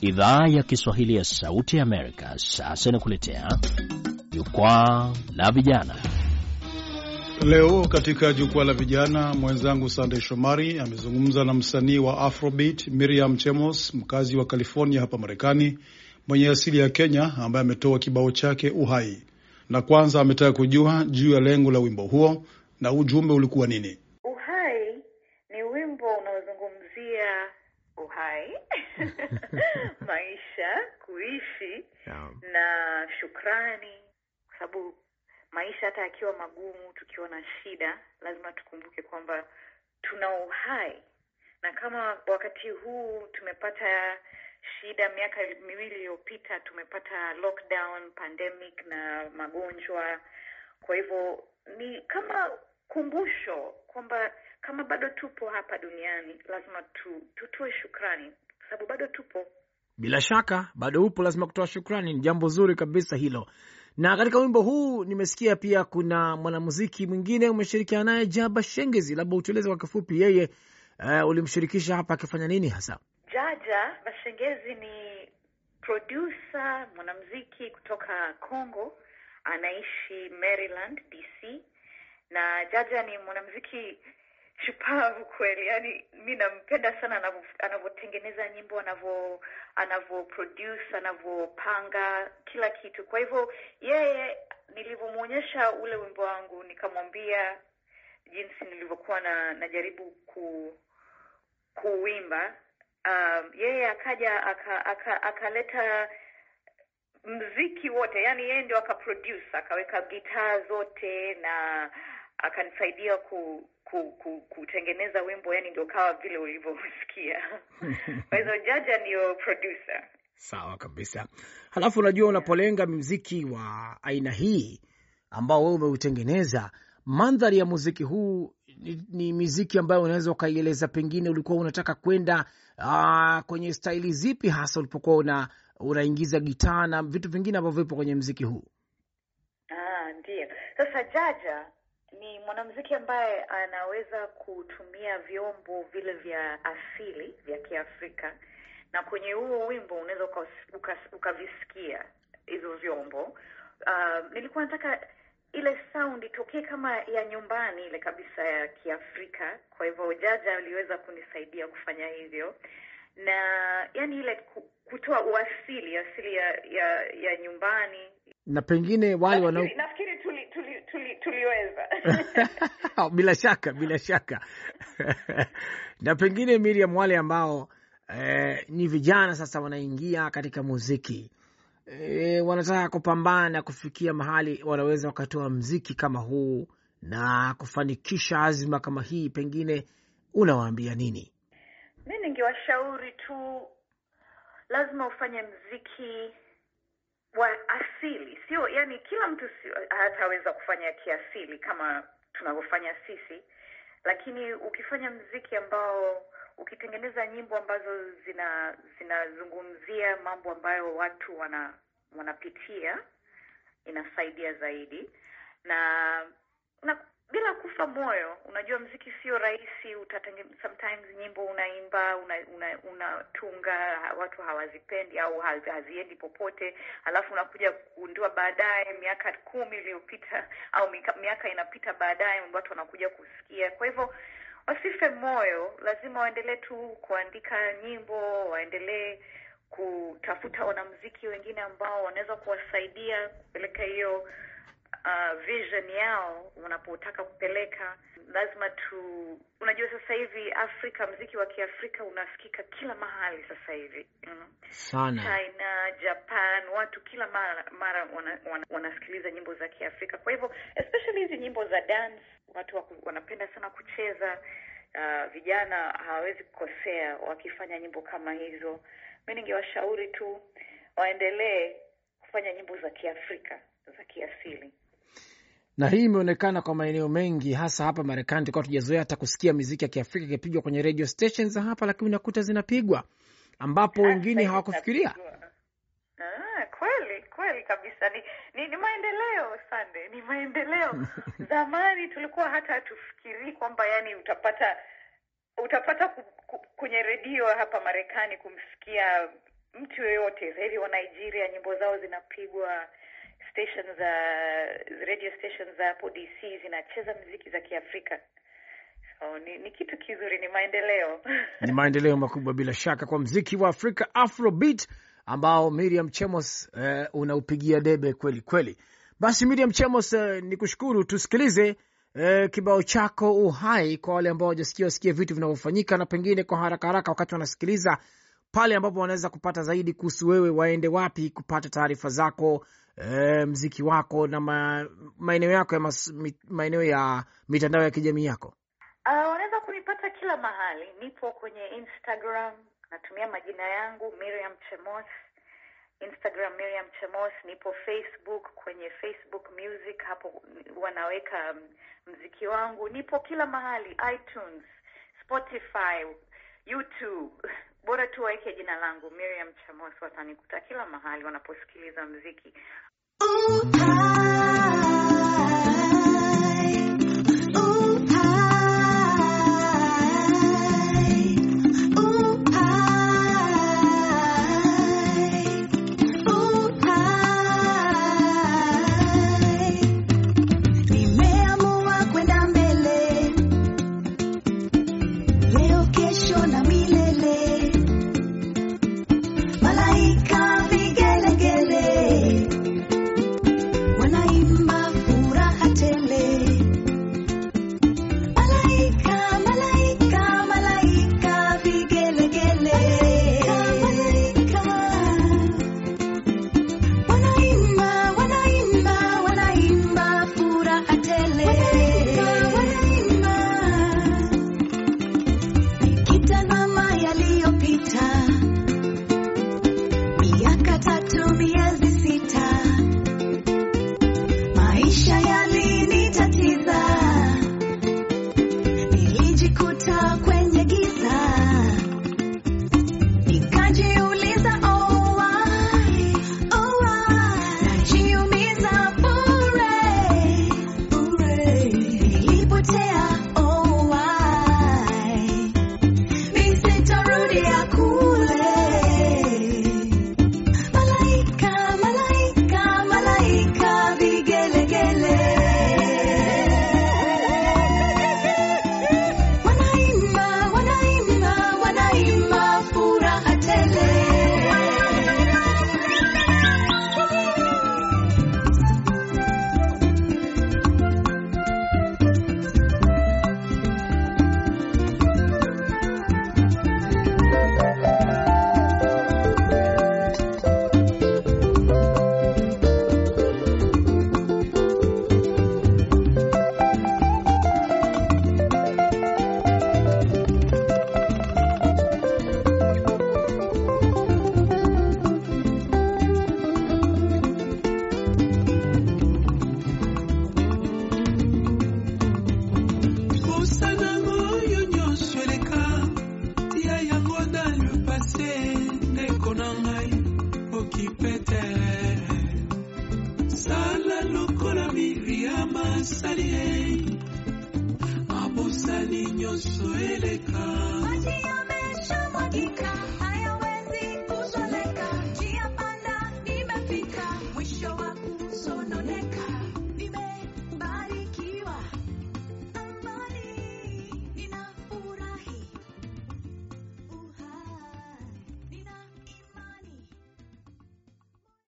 Idhaa ya Kiswahili ya Sauti ya Amerika sasa inakuletea jukwaa la vijana. Leo katika jukwaa la vijana, mwenzangu Sandey Shomari amezungumza na msanii wa Afrobeat Miriam Chemos, mkazi wa California hapa Marekani, mwenye asili ya Kenya, ambaye ametoa kibao chake Uhai na kwanza ametaka kujua juu ya lengo la wimbo huo na ujumbe ulikuwa nini. Uhai ni wimbo unaozungumzia uhai maisha, kuishi yeah, na shukrani, kwa sababu maisha hata yakiwa magumu, tukiwa na shida, lazima tukumbuke kwamba tuna uhai, na kama wakati huu tumepata shida miaka miwili iliyopita tumepata lockdown, pandemic na magonjwa. Kwa hivyo ni kama kumbusho kwamba kama bado tupo hapa duniani lazima tu, tutoe shukrani kwa sababu bado tupo. Bila shaka bado upo, lazima kutoa shukrani. Ni jambo zuri kabisa hilo. Na katika wimbo huu nimesikia pia kuna mwanamuziki mwingine umeshirikiana naye Jaba Shengezi, labda utueleze kwa kifupi, yeye uh, ulimshirikisha hapa akifanya nini hasa? Jaja Bashengezi ni producer mwanamuziki kutoka Congo, anaishi Maryland DC, na Jaja ni mwanamuziki shupavu kweli. Yani mi nampenda sana anavyotengeneza nyimbo, anavyo anavyoproduce, anavyopanga kila kitu. Kwa hivyo yeye, nilivyomwonyesha ule wimbo wangu, nikamwambia jinsi nilivyokuwa na najaribu ku kuimba um, yeye akaja akaleta aka, aka mziki wote, yani yeye ndio akaproduce akaweka gitaa zote na akanisaidia ku, ku, ku, kutengeneza wimbo, yani ndio kawa vile ulivyosikia. Kwa hizo Jaja ndiyo producer. Sawa kabisa. Halafu unajua, unapolenga mziki wa aina hii ambao wewe umeutengeneza, mandhari ya muziki huu ni, ni miziki ambayo unaweza ukaieleza, pengine ulikuwa unataka kwenda aa, ah, kwenye staili zipi hasa ulipokuwa una unaingiza gitaa na vitu vingine ambavyo vipo kwenye mziki huu? Ah, ndiyo. Sasa Jaja ni mwanamziki ambaye anaweza kutumia vyombo vile vya asili vya Kiafrika, na kwenye huo wimbo unaweza ukavisikia uka, uka hizo vyombo. Uh, nilikuwa nataka ile sound itokee kama ya nyumbani ile kabisa ya Kiafrika. Kwa hivyo Jaja aliweza kunisaidia kufanya hivyo, na yani ile kutoa uasili asili ya, ya ya nyumbani na pengine wale wana nafikiri tuli, tuli, tuli, tuliweza oh, bila shaka bila shaka na pengine Miriam, wale ambao eh, ni vijana sasa wanaingia katika muziki e, wanataka kupambana kufikia mahali wanaweza wakatoa mziki kama huu na kufanikisha azima kama hii, pengine unawaambia nini? Mi ningewashauri tu, lazima ufanye mziki wa asili, sio yani kila mtu hataweza kufanya kiasili kama tunavyofanya sisi, lakini ukifanya mziki ambao ukitengeneza nyimbo ambazo zina zinazungumzia mambo ambayo watu wana wanapitia inasaidia zaidi na na bila kufa moyo. Unajua, mziki sio rahisi. Utatenge, sometimes nyimbo unaimba unatunga, una, una watu hawazipendi au haziendi popote, alafu unakuja kugundua baadaye, miaka kumi iliyopita au miaka inapita baadaye, watu wanakuja kusikia. Kwa hivyo wasife moyo, lazima waendelee tu kuandika nyimbo, waendelee kutafuta wanamuziki wengine ambao wanaweza kuwasaidia kupeleka hiyo uh, vision yao. wanapotaka kupeleka lazima tu unajua sasa hivi Afrika, mziki wa Kiafrika unasikika kila mahali sasa hivi mm. sana China, Japan, watu kila mara, mara wanasikiliza wana, wanasikiliza nyimbo za Kiafrika. Kwa hivyo especially hizi nyimbo za dance watu waku, wanapenda sana kucheza. Uh, vijana hawawezi kukosea wakifanya nyimbo kama hizo. Mi ningewashauri tu waendelee kufanya nyimbo za Kiafrika za kiasili na hii imeonekana kwa maeneo mengi, hasa hapa Marekani. tukawa tujazoea hata kusikia miziki ya kiafrika ikipigwa kwenye radio stations za hapa, lakini unakuta zinapigwa ambapo ah, wengine hawakufikiria. Ah, kweli kweli kabisa, ni, ni, ni maendeleo Sande, ni maendeleo zamani tulikuwa hata hatufikirii kwamba yani utapata utapata ku, ku, kwenye redio hapa Marekani kumsikia mtu yoyote, heri wa Nigeria, nyimbo zao zinapigwa station za radio station za hapo DC zinacheza muziki za Kiafrika. so, ni, ni kitu kizuri, ni maendeleo ni maendeleo makubwa bila shaka kwa mziki wa Afrika Afrobeat ambao Miriam Chemos eh, unaupigia debe kweli kweli. Basi Miriam Chemos eh, ni kushukuru. Tusikilize eh, kibao chako Uhai kwa wale ambao wajasikia wasikie vitu vinavyofanyika na pengine kwa haraka haraka, wakati wanasikiliza pale ambapo wanaweza kupata zaidi kuhusu wewe, waende wapi kupata taarifa zako, e, mziki wako na ma, maeneo yako ya maeneo ya mitandao ya kijamii yako? Uh, wanaweza kunipata kila mahali. Nipo kwenye Instagram, natumia majina yangu Miriam Chemos, Instagram Miriam Chemos. Nipo Facebook, kwenye Facebook Music, hapo wanaweka mm, mziki wangu. Nipo kila mahali, iTunes, Spotify, YouTube bora tu waweke jina langu Miriam Chamos, watanikuta kila mahali wanaposikiliza mziki. abosani nyonso eleka